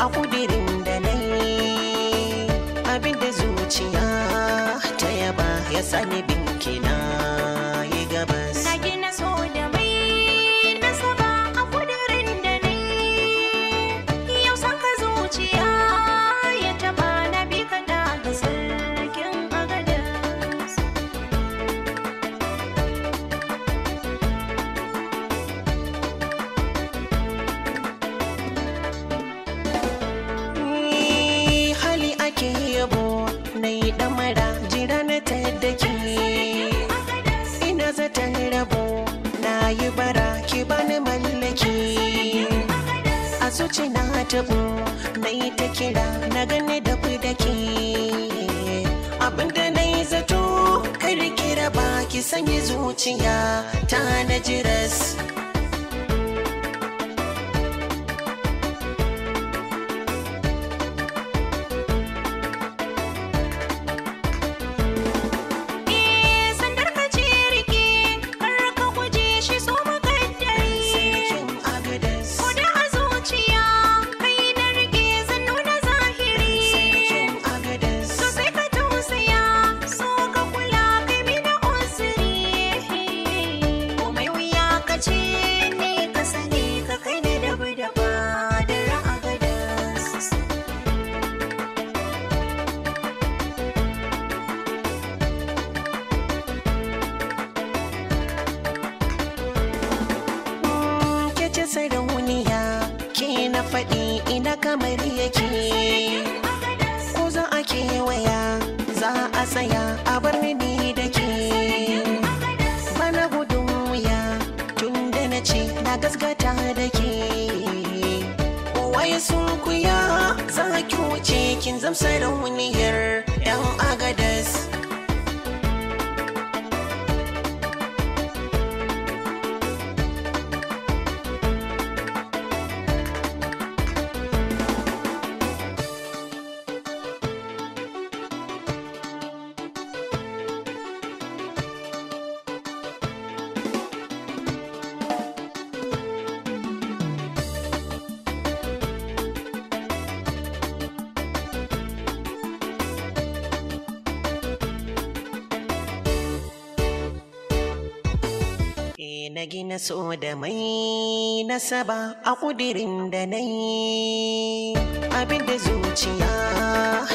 a kudirin da na abinda zuciya ta yaba ya sani binkina. ta da ina zaton rabo na yi bara ki bani mallaki a zuci na tabu na yi ta kira na gani da ku da abinda na yi zato kar ki raba ki sanya zuciya ta na jiras faɗi ina kamar yake ko za a kewaya za a saya a bar ni da ke bana gudun wuya tun da na ce na gaskata da ke ya sun kuya za ki wuce kin zamsa da wuniyar na gina so da mai nasaba a ƙudirin da na yi abin zuciya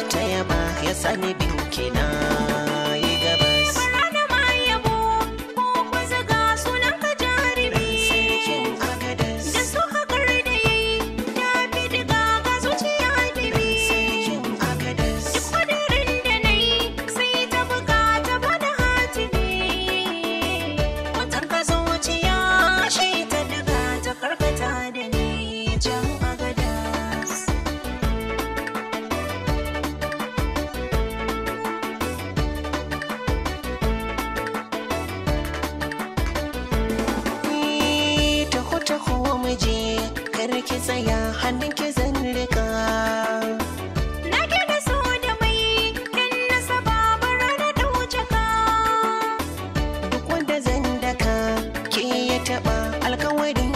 ta yaba ya sani biyu kenan tsaya hannun ki zan rika na ke da so da mai in na saba bara na ka duk wanda zan daka ki ya taba alkawarin